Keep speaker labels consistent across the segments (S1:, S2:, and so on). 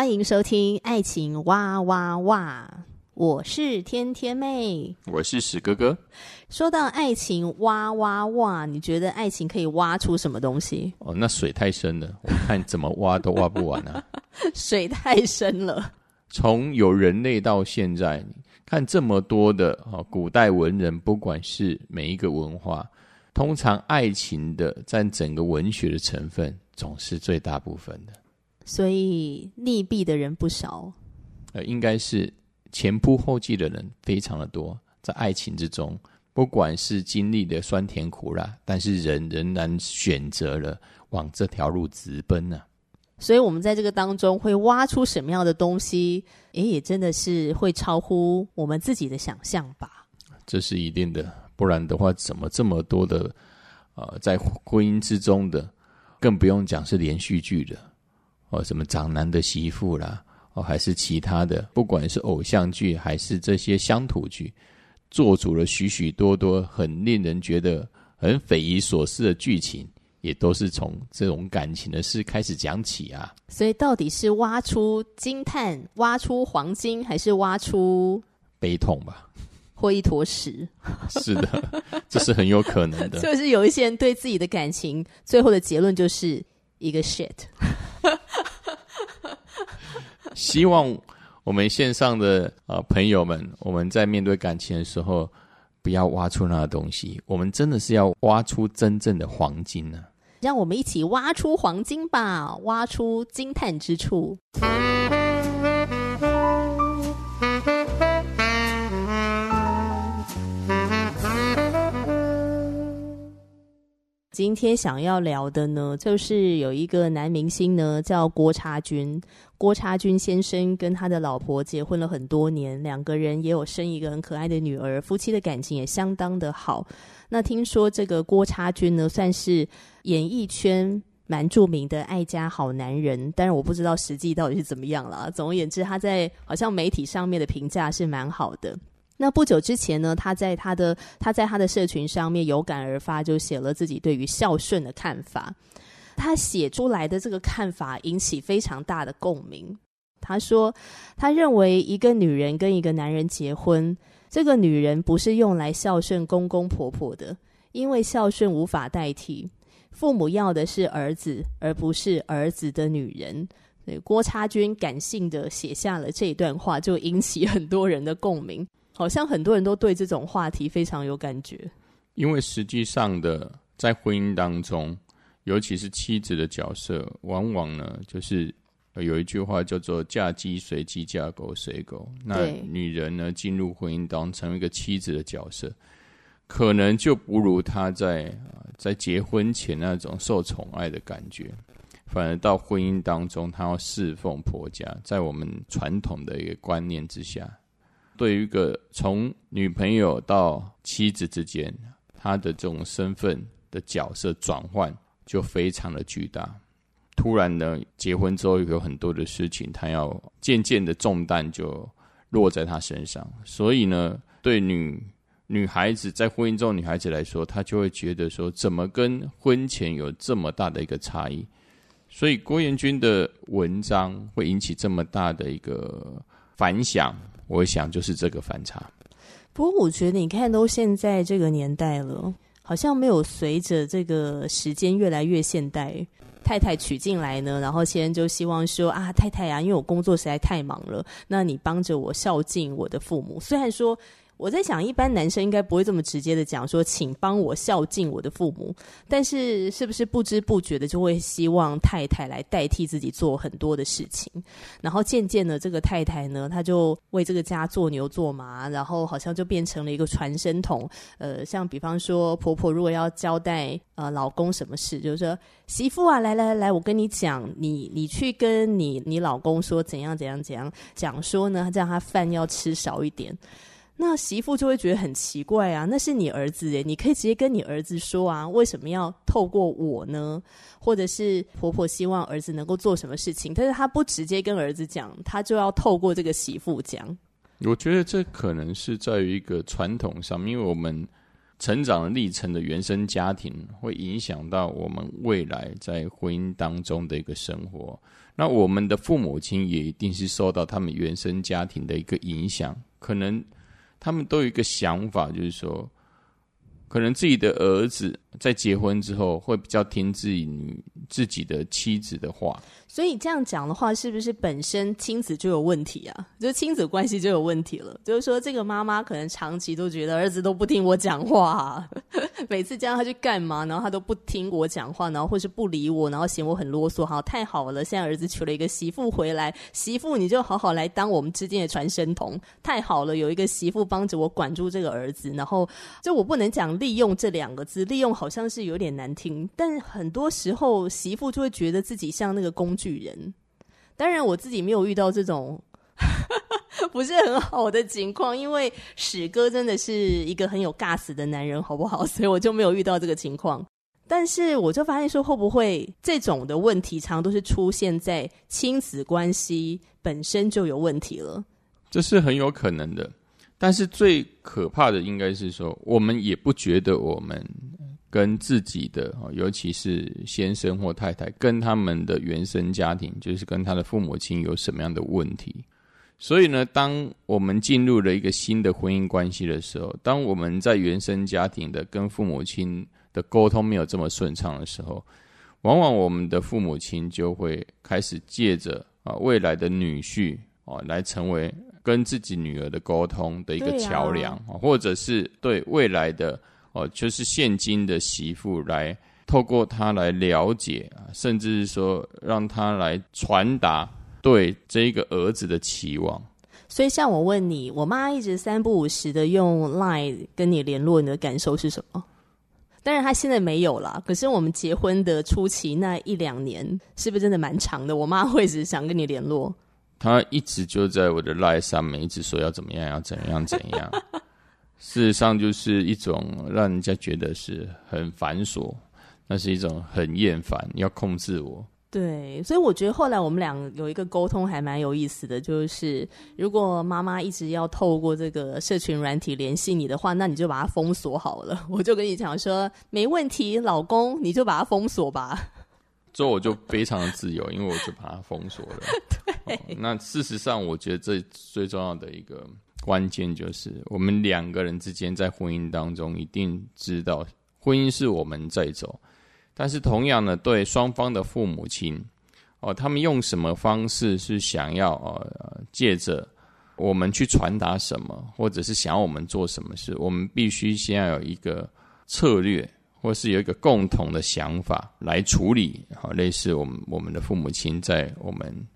S1: 歡迎收聽《愛情挖挖挖》，我是天天妹，
S2: 我是史哥哥。
S1: 說到愛情挖挖挖，你覺得愛情可以挖出什麼東西？
S2: 哦，那水太深了，我看怎麼挖都挖不完啊！
S1: 水太深了。
S2: 從有人類到現在，看這麼多的古代文人，不管是每一個文化，通常愛情的占整個文學的成分，總是最大部分的。
S1: 所以，溺斃的人不少。
S2: 呃，應該是前仆後繼的人非常的多，在愛情之中，不管是經歷的酸甜苦辣，但是人仍然選擇了往這條路直奔呢啊。
S1: 所以，我們在這個當中會挖出什麼樣的東西？哎，也真的是會超乎我們自己的想象吧。
S2: 這是一定的，不然的話，怎麼這麼多的？呃，在婚姻之中的，更不用講是連續劇的。哦，什麼長男的媳婦啦，哦，還是其他的，不管是偶像劇還是這些鄉土劇，做出了許許多多很令人覺得很匪夷所思的劇情，也都是從這種感情的事開始講起啊。
S1: 所以，到底是挖出金礦，挖出黃金，還是挖出悲痛吧，或一坨屎？
S2: 是的， 這是很有可能的。就
S1: 是有一些人對自己的感情，最後的結論就是一個 shit。
S2: 希望我們線上的呃朋友們，我們在面對感情的時候，不要挖出那東西。我們真的是要挖出真正的黃金呢，
S1: 啊。讓我們一起挖出黃金吧，挖出驚嘆之處。嗯今天想要聊的呢，就是有一個男明星呢，叫郭差君。郭差君先生跟他的老婆結婚了很多年，兩個人也有生一個很可愛的女兒，夫妻的感情也相當的好。那聽說這個郭差君呢，算是演藝圈蠻著名的愛家好男人，但是我不知道實際到底是怎麼樣了。總而言之，他在好像媒體上面的評價是蠻好的。那不久之前呢，他在他的他在他的社群上面有感而發，就寫了自己對於孝順的看法。他寫出來的這個看法引起非常大的共鳴。他說，他認為一個女人跟一個男人結婚，這個女人不是用來孝順公公婆婆的，因為孝順無法代替，父母要的是兒子，而不是兒子的女人。那郭彥均感性的寫下了這段話，就引起很多人的共鳴。好像很多人都對這種話題非常有感覺，
S2: 因為實際上的在婚姻當中，尤其是妻子的角色，往往呢，就是有一句話叫做“嫁雞隨雞，嫁狗隨狗”。那女人呢進入婚姻當中，成為一個妻子的角色，可能就不如她在在結婚前那種受寵愛的感覺，反而到婚姻當中，她要侍奉婆家，在我們傳統的一個觀念之下。對於一個從女朋友到妻子之間，她的這種身份的角色轉換就非常的巨大。突然呢，結婚之後有很多的事情，她要漸漸的重擔就落在她身上。所以呢，對女女孩子在婚姻中女孩子來說，她就會覺得說，怎麼跟婚前有這麼大的一個差異？所以郭彥均的文章會引起這麼大的一個反響。我想，就是這個反差。
S1: 不過，我覺得你看都現在這個年代了，好像沒有隨着這個時間越來越現代，太太娶進來呢。然後，先就希望說啊，太太啊，因為我工作實在太忙了，那你幫着我孝敬我的父母。雖然說。我在想，一般男生應該不會這麼直接的講說，請幫我孝敬我的父母，但是是不是不知不覺的就會希望太太來代替自己做很多的事情？然後漸漸的，這個太太呢，她就為這個家做牛做馬，然後好像就變成了一個傳聲筒。呃，像比方說，婆婆如果要交代呃老公什麼事，就是說媳婦啊，來，來來來，我跟你講，你你去跟你你老公說怎樣怎樣怎樣講，講說呢，這樣他飯要吃少一點。那媳婦就會覺得很奇怪啊，那是你兒子誒。你可以直接跟你兒子說啊，為什麼要透過我呢？或者是婆婆希望兒子能夠做什麼事情，但是他不直接跟兒子講，他就要透過這個媳婦講。
S2: 我覺得這可能是在於一個傳統上，因為我們成長歷程的原生家庭，會影響到我們未來在婚姻當中的一個生活。那我們的父母親也一定是受到他們原生家庭的一個影響，可能。他們都有一個想法，就是說，可能自己的兒子在結婚之後會比較聽自己女自己的妻子的話。
S1: 所以這樣講的話，是不是本身親子就有問題啊？就親子關係就有問題了。就是說，這個媽媽可能長期都覺得兒子都不聽我講話啊， 每次叫他去幹嘛，然後他都不聽我講話，然後或是不理我，然後嫌我很囉嗦。好，太好了，現在兒子娶了一個媳婦回來，媳婦你就好好來當我們之間的傳聲筒。太好了，有一個媳婦幫着我管住這個兒子。然後，就我不能講利用這兩個字，利用好像是有點難聽，但很多時候媳婦就會覺得自己像那個工具。女人，當然我自己沒有遇到這種 不是很好的情況，因為史哥真的是一個很有尬死的男人，好不好？所以我就沒有遇到這個情況。但是我就發現說，會不會這種的問題，常常都是出現在親子關係本身就有問題了？
S2: 這是很有可能的。但是最可怕的應該是說，我們也不覺得我們。跟自己的，尤其是先生或太太，跟他們的原生家庭，就是跟他的父母親有什麼樣的問題？所以呢，當我們進入了一個新的婚姻關係的時候，當我們在原生家庭的跟父母親的溝通沒有這麼順暢的時候，往往我們的父母親就會開始借着啊未來的女婿啊來成為跟自己女兒的溝通的一個橋梁，或者是對未來的。哦、就是現今的媳婦來透過他來了解，甚至是說讓他來傳達對這一個兒子的期望。
S1: 所以，像我問你，我媽一直三不五時，的用 Line 跟你聯絡，你的感受是什麼？當然，她現在沒有了。可是，我們結婚的初期那一兩年，是不是真的蠻長的？我媽會一直想跟你聯絡。
S2: 她一直就在我的 Line 上面，一直說要怎麼樣，要怎樣怎樣。 事實上，就是一種讓人家覺得是很繁瑣，那是一種很厭煩，要控制我。
S1: 對，所以我覺得後來我們倆有一個溝通還蠻有意思的就是，如果媽媽一直要透過這個社群軟體聯繫你的話，那你就把它封鎖好了。我就跟你講說，沒問題，老公，你就把它封鎖吧。
S2: 所以我就非常的自由， 因為我就把它封鎖了 對、哦。那事實上，我覺得這最重要的一個關鍵就是，我們兩個人之間在婚姻當中一定知道，婚姻是我們在走，但是同樣呢，對雙方的父母親，哦，他們用什麼方式是想要呃借着我們去傳達什麼，或者是想要我們做什麼事，我們必須先要有一個策略。或是有一個共同的想法來處理，好，類似我們我們的父母親在我們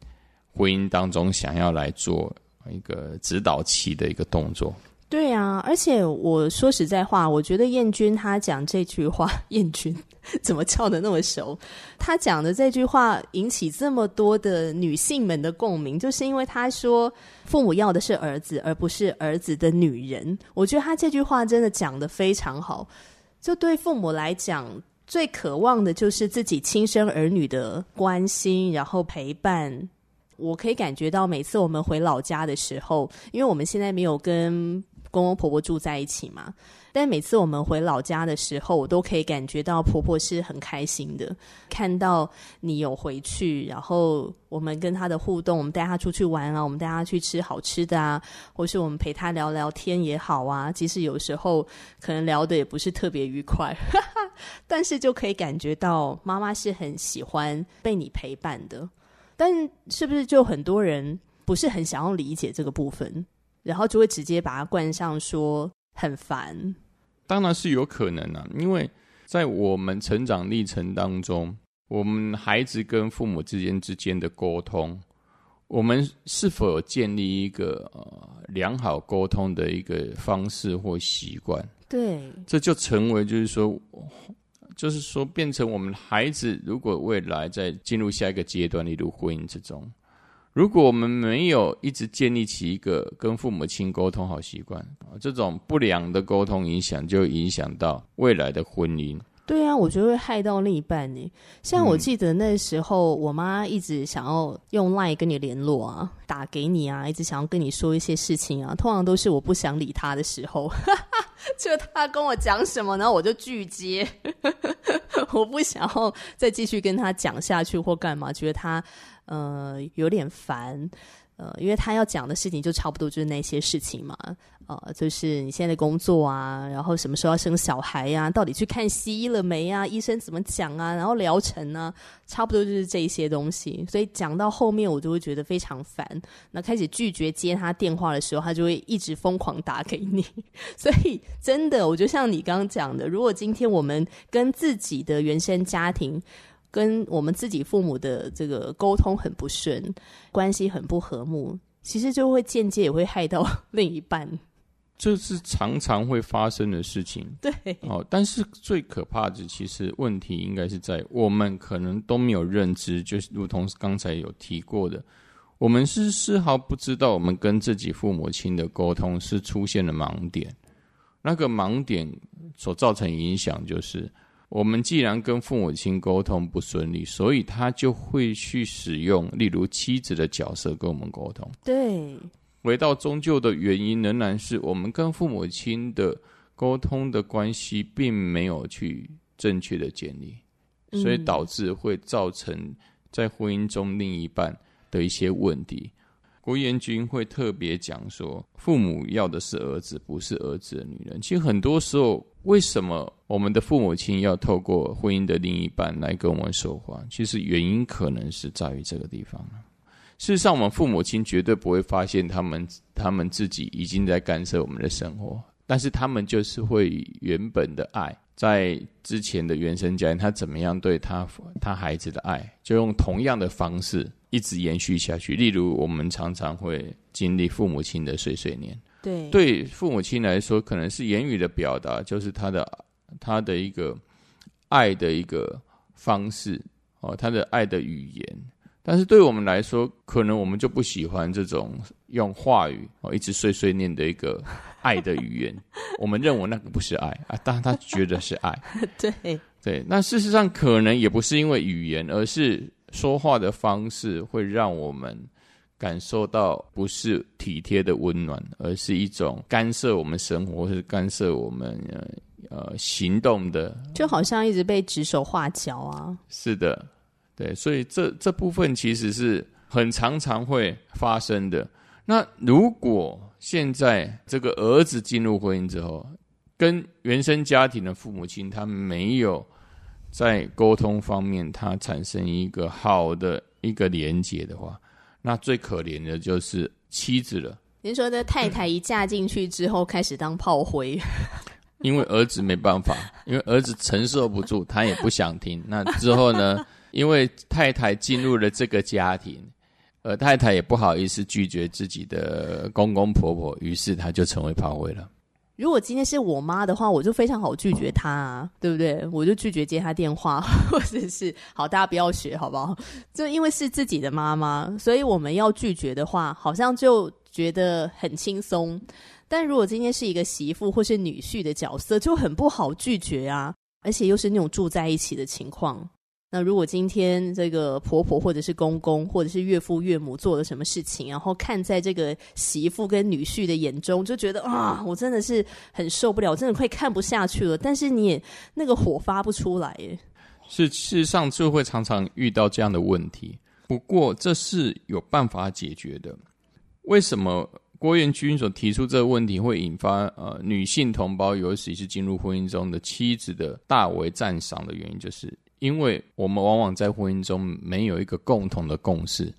S2: 婚姻當中想要來做一個指導期的一個動作。
S1: 對啊，而且我說實在話，我覺得燕君他講這句話，燕君怎麼叫得那麼熟？他講的這句話引起這麼多的女性們的共鳴，就是因為他說父母要的是兒子，而不是兒子的女人。我覺得他這句話真的講得非常好。就對父母來講，最渴望的就是自己親生兒女的關心，然後陪伴。我可以感覺到，每次我們回老家的時候，因為我們現在沒有跟公公婆婆住在一起嘛。但每次我們回老家的時候，我都可以感覺到婆婆是很開心的，看到你有回去。然後我們跟她的互動，我們帶她出去玩啊，我們帶她去吃好吃的啊，或是我們陪她聊聊天也好啊。即使有時候可能聊得也不是特別愉快哈哈，但是就可以感覺到媽媽是很喜歡被你陪伴的。但是不是就很多人不是很想要理解這個部分？然後就會直接把他冠上說很煩，
S2: 當然是有可能啊，因為在我們成長歷程當中，我們孩子跟父母之間之間的溝通，我們是否有建立一個呃良好溝通的一個方式或習慣？對，這就成為就是說，就是說變成我們孩子如果未來在進入下一個階段，例如婚姻之中。如果我們沒有一直建立起一個跟父母親溝通好習慣啊，這種不良的溝通影響就影響到未來的婚姻。
S1: 對啊，我覺得會害到另一半呢。像我記得那時候，嗯、我媽一直想要用 LINE 跟你聯絡啊，打給你啊，一直想要跟你說一些事情啊。通常都是我不想理她的時候， 就她跟我講什麼，然後我就拒接。 我不想要再繼續跟她講下去或幹嘛，覺得她。呃，有點煩，呃，因為他要講的事情就差不多就是那些事情嘛，呃，就是你現在的工作啊，然後什麼時候要生小孩呀？到底去看西醫了沒呀？醫生怎麼講啊？然後療程呢，差不多就是這些東西，所以講到後面我就會覺得非常煩。那開始拒絕接他電話的時候，他就會一直瘋狂打給你， 所以真的，我就像你剛剛講的，如果今天我們跟自己的原生家庭。跟我們自己父母的這個溝通很不順，關係很不和睦，其實就會間接也會害到另一半，
S2: 這是常常會發生的事情。對，哦，但是最可怕的其實問題應該是在我們可能都沒有認知，就是如同剛才有提過的，我們是絲毫不知道我們跟自己父母親的溝通是出現了盲點，那個盲點所造成影響就是。我們既然跟父母親溝通不順利，所以他就會去使用，例如妻子的角色跟我們溝通。對，回到終究的原因，仍然是我們跟父母親的溝通的關係，並沒有去正確的建立，嗯、所以導致會造成在婚姻中另一半的一些問題。郭元君會特別講說，父母要的是兒子，不是兒子的女人。其實很多時候，為什麼我們的父母親要透過婚姻的另一半來跟我們說話？其實原因可能是在於這個地方了。事實上，我們父母親絕對不會發現他們，他們自己已經在干涉我們的生活，但是他們就是會原本的愛，在之前的原生家庭，他怎麼樣對他他孩子的愛，就用同樣的方式。一直延續下去，例如我們常常會經歷父母親的碎碎念。對，對父母親來說，可能是言語的表達，就是他的他的一個愛的一個方式哦，他的愛的語言。但是對我們來說，可能我們就不喜歡這種用話語哦，一直碎碎念的一個愛的語言。 我們認為那個不是愛啊，當然他覺得是愛。 對對，那事實上可能也不是因為語言，而是。說話的方式會讓我們感受到不是體貼的溫暖，而是一種干涉我們生活，干涉我們呃行動的，
S1: 就好像一直被指手畫腳啊。
S2: 是的，對，所以這這部分其實是很常常會發生的。那如果現在這個兒子進入婚姻之後，跟原生家庭的父母親，他沒有。在溝通方面，他產生一個好的一個連結的話，那最可憐的就是妻子了。
S1: 您說的太太一嫁進去之後，開始當炮灰，
S2: 因為兒子沒辦法，因為兒子承受不住， 他也不想聽。那之後呢？因為太太進入了這個家庭，而太太也不好意思拒絕自己的公公婆婆，於是她就成為炮灰了。
S1: 如果今天是我媽的話，我就非常好拒絕她啊，對不對？我就拒絕接她電話，或者是好，大家不要學，好不好？就因為是自己的媽媽，所以我們要拒絕的話，好像就覺得很輕鬆。但如果今天是一個媳婦或是女婿的角色，就很不好拒絕啊，而且又是那種住在一起的情況。那如果今天這個婆婆或者是公公或者是岳父岳母，做了什麼事情，然後看在這個媳婦跟女婿的眼中，就覺得啊，我真的是很受不了，我真的快看不下去了。但是你也那個火發不出來
S2: 是，事實上就會常常遇到這樣的問題。不過這是有辦法解決的。為什麼郭彥均所提出這個問題會引發呃女性同胞，尤其是進入婚姻中的妻子的大為讚賞的原因，就是。因為我們往往在婚姻中沒有一個共同的共識，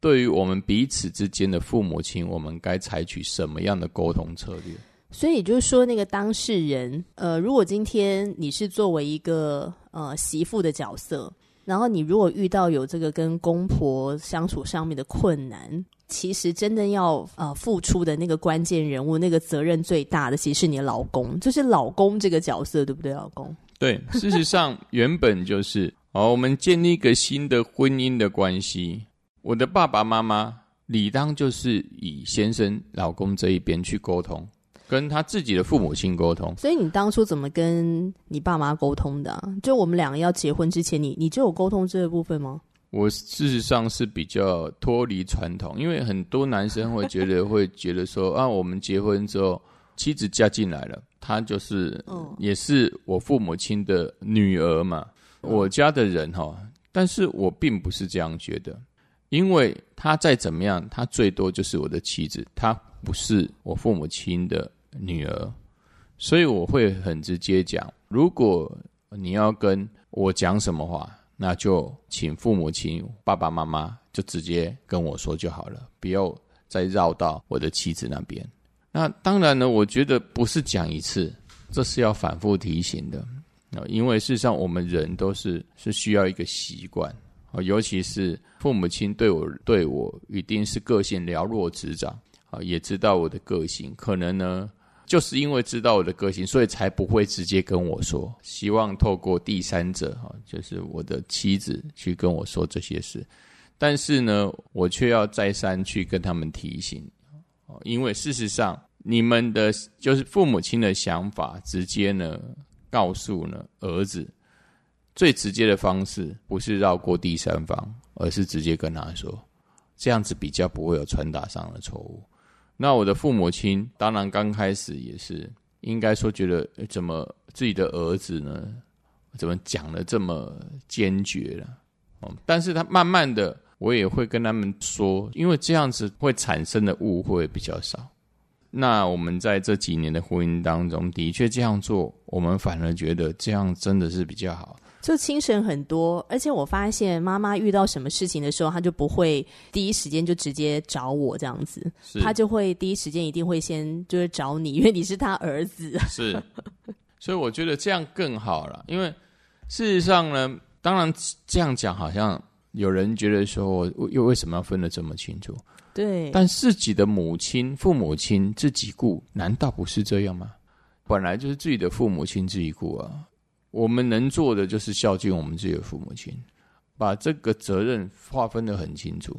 S2: 對於我們彼此之間的父母親，我們該採取什麼樣的溝通策略？
S1: 所以就是說，那個當事人，呃，如果今天你是作為一個呃媳婦的角色，然後你如果遇到有這個跟公婆相處上面的困難，其實真的要呃付出的那個關鍵人物，那個責任最大的其實是你老公，就是老公這個角色，對不對？老公
S2: 對，事實上原本就是 哦，我們建立一個新的婚姻的關係，我的爸爸媽媽理當就是以先生老公這一邊去溝通，跟他自己的父母親溝通。
S1: 所以你當初怎麼跟你爸媽溝通的啊？就我們兩個要結婚之前，你你就有溝通這個部分嗎？
S2: 我事實上是比較脫離傳統，因為很多男生會覺得， 會覺得說啊，我們結婚之後，妻子嫁進來了，她就是，嗯、也是我父母親的女兒嘛，嗯、我家的人哈、哦。但是我並不是這樣覺得，因為她再怎麼樣，她最多就是我的妻子，她不是我父母親的女兒，所以我會很直接講，如果你要跟我講什麼話。那就請父母親、爸爸媽媽就直接跟我說就好了，不要再繞到我的妻子那邊。那當然呢，我覺得不是講一次，這是要反複提醒的。因為事實上我們人都是是需要一個習慣，尤其是父母親對我對我一定是個性瞭若指掌，也知道我的個性，可能呢。就是因為知道我的個性，所以才不會直接跟我說。希望透過第三者，哈，就是我的妻子去跟我說這些事。但是呢，我卻要再三去跟他們提醒，因為事實上，你們的，就是父母親的想法，直接呢告訴呢兒子，最直接的方式不是繞過第三方，而是直接跟他說，這樣子比較不會有傳達上的錯誤。那我的父母親當然剛開始也是，應該說覺得怎麼自己的兒子呢，怎麼講的這麼堅決了？哦，但是他慢慢的，我也會跟他們說，因為這樣子會產生的誤會比較少。那我們在這幾年的婚姻當中，的確這樣做，我們反而覺得這樣真的是比較好。
S1: 就精神很多，而且我發現媽媽遇到什麼事情的時候，她就不會第一時間就直接找我這樣子，是她就會第一時間一定會先就是找你，因為你是他兒子。是，
S2: 所以我覺得這樣更好了，因為事實上呢，當然這樣講好像有人覺得說，我又為什麼要分得這麼清楚？對，但自己的母親、父母親自己顧，難道不是這樣嗎？本來就是自己的父母親自己顧啊。我們能做的就是孝敬我們自己的父母親，把這個責任劃分得很清楚。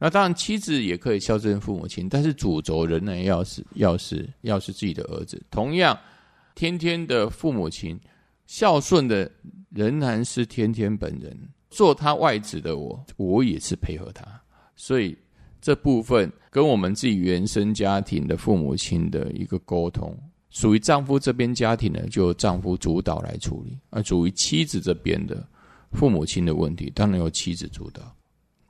S2: 那當然，妻子也可以孝敬父母親，但是主軸仍然要是要是要是自己的兒子。同樣，天天的父母親孝順的仍然是天天本人，做他外子的我，我也是配合他。所以這部分跟我們自己原生家庭的父母親的一個溝通。屬於丈夫這邊家庭呢，就由丈夫主導來處理；而屬於妻子這邊的父母親的問題，當然由妻子主導。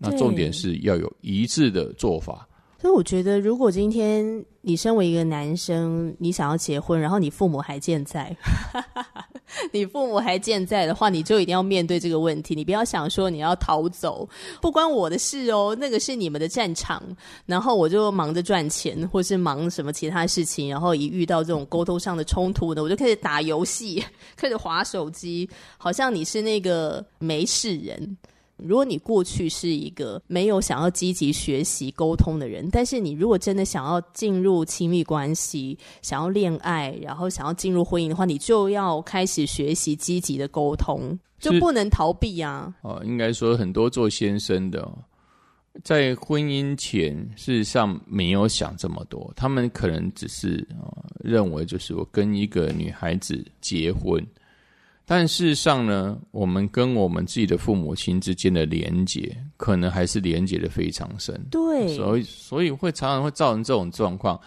S2: 那重點是要有一致的做法。
S1: 對所以，我覺得，如果今天你身為一個男生，你想要結婚，然後你父母還健在。哈哈哈哈你父母還健在的話，你就一定要面對這個問題。你不要想說你要逃走，不關我的事哦，那個是你們的戰場。然後我就忙着賺錢，或是忙什麼其他事情。然後一遇到這種溝通上的衝突呢，我就開始打遊戲，開始滑手機，好像你是那個沒事人。如果你過去是一個沒有想要積極學習溝通的人，但是你如果真的想要進入親密關係、想要戀愛，然後想要進入婚姻的話，你就要開始學習積極的溝通，就不能逃避啊。
S2: 哦，應該說很多做先生的，哦，在婚姻前事實上沒有想這麼多，他們可能只是，哦，認為就是我跟一個女孩子結婚。但事實上呢，我們跟我們自己的父母親之間的連結，可能還是連結得非常深。對，所以所以會常常會造成這種狀況。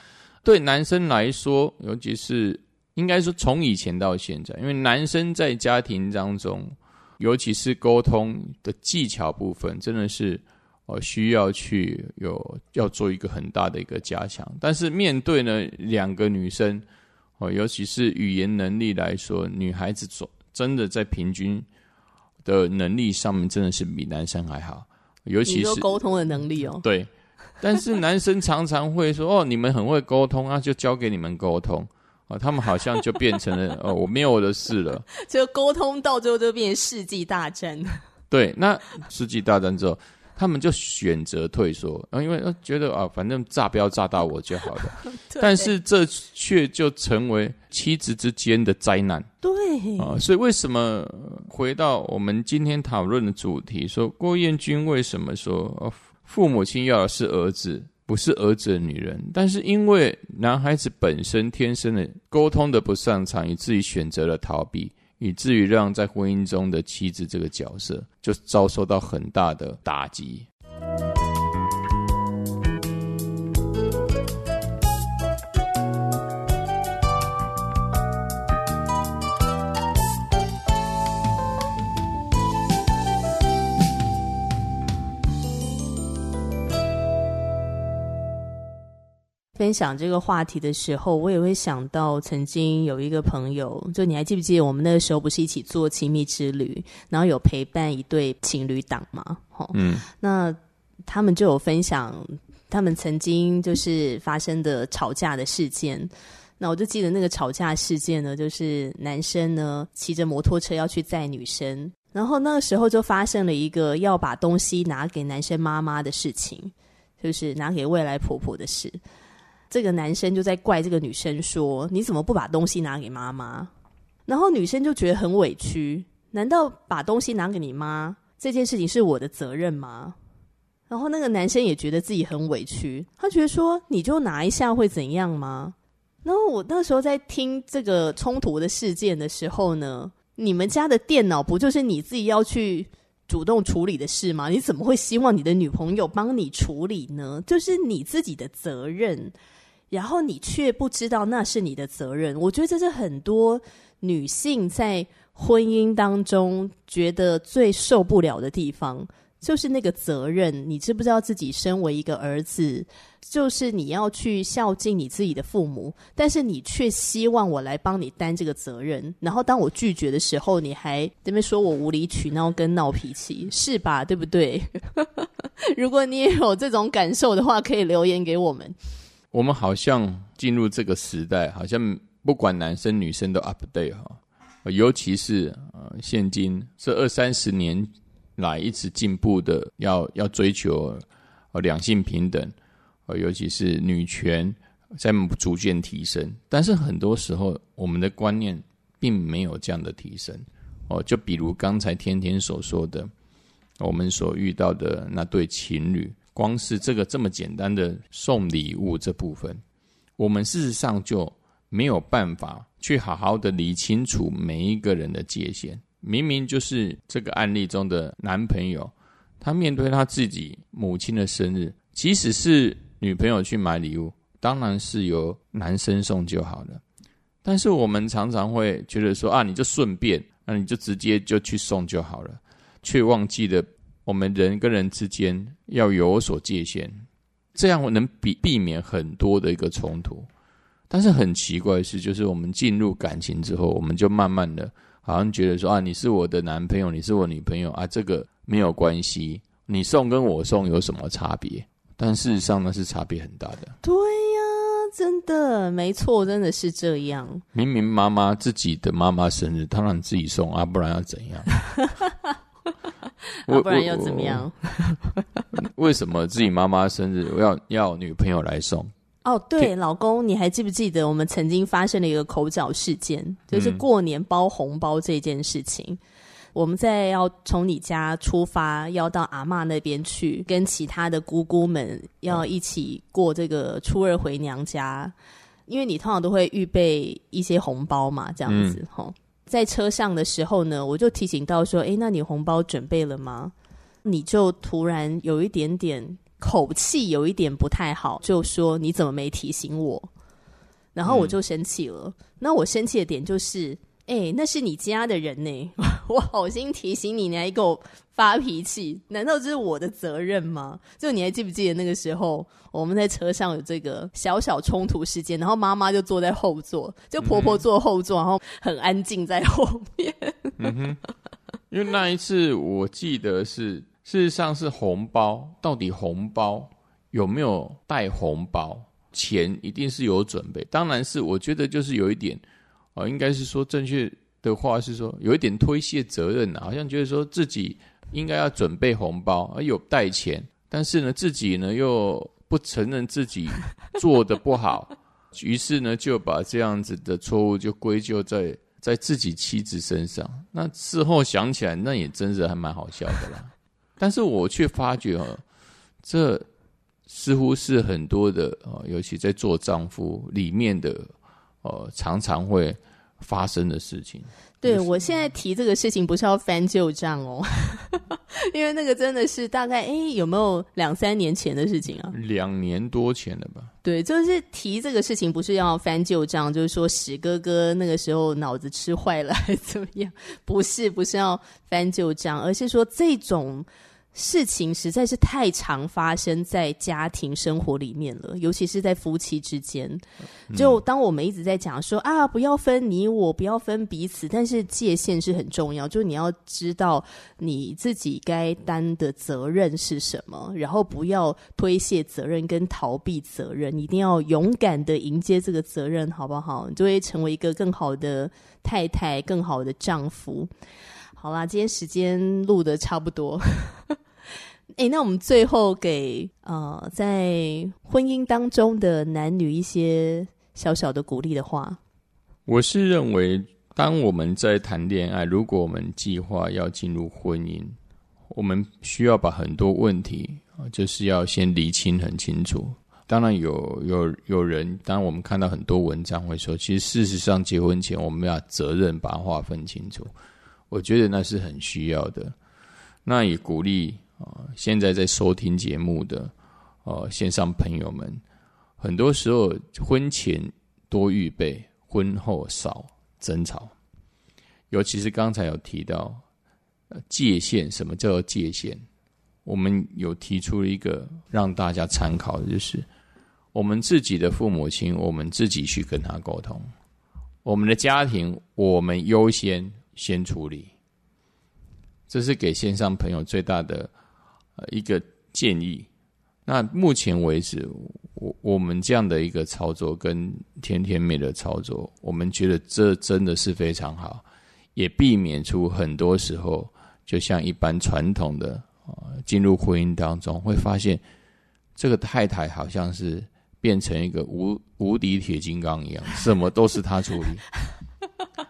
S2: 對男生來說，尤其是應該說從以前到現在，因為男生在家庭當中，尤其是溝通的技巧部分，真的是哦、呃、需要去有要做一個很大的一個加強。但是面對呢兩個女生哦、呃，尤其是語言能力來說，女孩子總。真的在平均的能力上面，真的是比男生還好，尤其是溝
S1: 通的能力哦。
S2: 對，但是男生常常會說：“ 哦，你們很會溝通啊，就交給你們溝通啊。哦”他們好像就變成了：“ 哦，我沒有我的事了。”
S1: 就溝通到最後就變成世紀大戰。
S2: 對，那世紀大戰之後。他們就選擇退縮，啊，因為覺得啊、哦，反正炸不要炸到我就好了。 對但是這卻就成為妻子之間的災難。對，啊、哦，所以為什麼回到我們今天討論的主題？說郭彥均為什麼說、哦、父母親要的是兒子，不是兒子的女人？但是因為男孩子本身天生的溝通的不擅長，與自己選擇了逃避。以至於讓在婚姻中的妻子這個角色就遭受到很大的打擊。
S1: 分享這個話題的時候，我也會想到曾經有一個朋友，就你還記不記得我們那個時候不是一起做親密之旅，然後有陪伴一對情侶檔嘛？哦，嗯，那他們就有分享他們曾經就是發生的吵架的事件。那我就記得那個吵架事件呢，就是男生呢騎着摩托車要去載女生，然後那個時候就發生了一個要把東西拿給男生媽媽的事情，就是拿給未來婆婆的事。這個男生就在怪這個女生說：“你怎麼不把東西拿給媽媽？”然後女生就覺得很委屈：“難道把東西拿給你媽這件事情是我的責任嗎？”然後那個男生也覺得自己很委屈，他覺得說：“你就拿一下會怎樣嗎？”然後我那時候在聽這個衝突的事件的時候呢，你們家的電腦不就是你自己要去主動處理的事嗎？你怎麼會希望你的女朋友幫你處理呢？就是你自己的責任。然後你卻不知道那是你的責任，我覺得這是很多女性在婚姻當中覺得最受不了的地方，就是那個責任。你知不知道自己身為一個兒子，就是你要去孝敬你自己的父母，但是你卻希望我來幫你擔這個責任，然後當我拒絕的時候，你還在那邊說我無理取鬧跟鬧脾氣，是吧？對不對？ 如果你也有這種感受的話，可以留言給我們。
S2: 我們好像進入這個時代，好像不管男生女生都 update 哈，尤其是現今這二三十年來一直進步的要，要要追求呃兩性平等，呃，尤其是女權在逐漸提升，但是很多時候我們的觀念並沒有這樣的提升哦，就比如剛才天天所說的，我們所遇到的那對情侶。光是這個這麼簡單的送禮物這部分，我們事實上就沒有辦法去好好的理清楚每一個人的界限。明明就是這個案例中的男朋友，他面對他自己母親的生日，即使是女朋友去買禮物，當然是由男生送就好了。但是我們常常會覺得說啊，你就順便、啊，那你就直接就去送就好了，卻忘記了。我們人跟人之間要有所界限，這樣能避避免很多的一個衝突。但是很奇怪的是，就是我們進入感情之後，我們就慢慢的好像覺得說啊，你是我的男朋友，你是我女朋友啊，這個沒有關係，你送跟我送有什麼差別？但事實上呢，是差別很大的。
S1: 對呀、啊，真的沒錯，真的是這樣。
S2: 明明媽媽自己的媽媽生日，讓你自己送啊，不然要怎樣？ 啊、我不然又怎麼樣？為什麼自己媽媽生日我要要女朋友來送？
S1: 哦，對，聽老公，你還記不記得我們曾經發生了一個口角事件？就是過年包紅包這件事情，嗯、我們在要從你家出發，要到阿嬤那邊去，跟其他的姑姑們要一起過這個初二回娘家，嗯、因為你通常都會預備一些紅包嘛，這樣子齁、嗯在車上的時候呢，我就提醒到說：“哎、欸，那你紅包準備了嗎？”你就突然有一點點口氣，有一點不太好，就說：“你怎麼沒提醒我？”然後我就生氣了。嗯、那我生氣的點就是。哎、欸，那是你家的人呢、欸， 我好心提醒你，你還給我發脾氣，難道這是我的責任嗎？就你還記不記得那個時候，我們在車上有這個小小衝突事件，然後媽媽就坐在後座，就婆婆坐後座，嗯、哼然後很安靜在後
S2: 面、 嗯。因為那一次我記得是，事實上是紅包，到底紅包有沒有帶紅包？錢一定是有準備，當然是，我覺得就是有一點。哦，應該是說正確的話是說，有一點推卸責任吶、啊，好像覺得說自己應該要準備紅包，啊、有帶錢，但是呢，自己呢又不承認自己做的不好，於 是呢就把這樣子的錯誤就歸咎在在自己妻子身上。那事後想起來，那也真是還蠻好笑的啦。但是我卻發覺、啊，這似乎是很多的啊、哦，尤其在做丈夫裡面的。呃，常常會發生的事情。
S1: 對，我現在提這個事情不是要翻舊賬哦， 因為那個真的是大概，哎，有沒有兩三年前的事情啊？
S2: 兩年多前了吧。
S1: 對，就是提這個事情不是要翻舊賬，就是說史哥哥那個時候腦子吃壞了還是怎麼樣？不是，不是要翻舊賬，而是說這種。事情實在是太常發生在家庭生活裡面了，尤其是在夫妻之間。就當我們一直在講說啊，不要分你我，不要分彼此，但是界限是很重要，就你要知道你自己該擔的責任是什麼，然後不要推卸責任跟逃避責任，你一定要勇敢地迎接這個責任，好不好？你就會成為一個更好的太太，更好的丈夫。好啦，今天時間錄得差不多、 欸。那我們最後給呃在婚姻當中的男女一些小小的鼓勵的話。
S2: 我是認為，當我們在談戀愛，如果我們計劃要進入婚姻，我們需要把很多問題啊、呃，就是要先釐清很清楚。當然有，有有有人，當我們看到很多文章會說，其實事實上，結婚前我們要責任把它劃分清楚。我覺得那是很需要的，那也鼓勵啊，呃，現在在收聽節目的，呃，線上朋友們，很多時候，婚前多預備，婚後少爭吵。尤其是剛才有提到，呃，界限，什麼叫做界限？我們有提出了一個讓大家參考的，就是我們自己的父母親，我們自己去跟他溝通，我們的家庭，我們優先。先處理，這是給線上朋友最大的一個建議。那目前為止，我我們這樣的一個操作跟天天妹的操作，我們覺得這真的是非常好，也避免出很多時候，就像一般傳統的啊，進入婚姻當中會發現，這個太太好像是變成一個無無敵鐵金剛一樣，什麼都是她處理。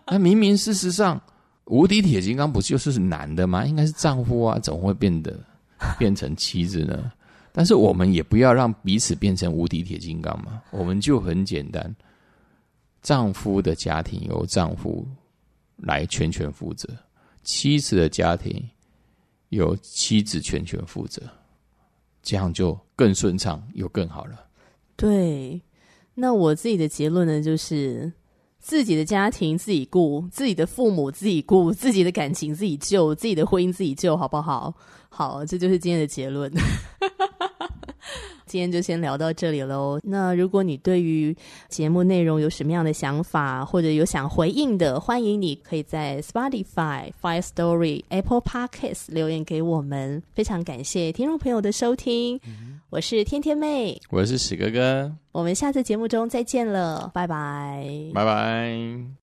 S2: 那明明事實上，無敵鐵金剛不就是男的嗎？應該是丈夫啊，怎麼會變得變成妻子呢？ 但是我們也不要讓彼此變成無敵鐵金剛嘛。我們就很簡單，丈夫的家庭由丈夫來全權負責，妻子的家庭由妻子全權負責，這樣就更順暢又更好了。
S1: 對，那我自己的結論呢，就是。自己的家庭自己顧，自己的父母自己顧，自己的感情自己救，自己的婚姻自己救，好不好？好，這就是今天的結論。 今天就先聊到這裡嘍。那如果你對於節目內容有什麼樣的想法，或者有想回應的，歡迎你可以在 Spotify、Firstory、Apple Podcasts 留言給我們。非常感謝聽眾朋友的收聽。嗯我是天天妹，
S2: 我是史哥哥，
S1: 我們下次節目中再見了，拜拜，
S2: 拜拜。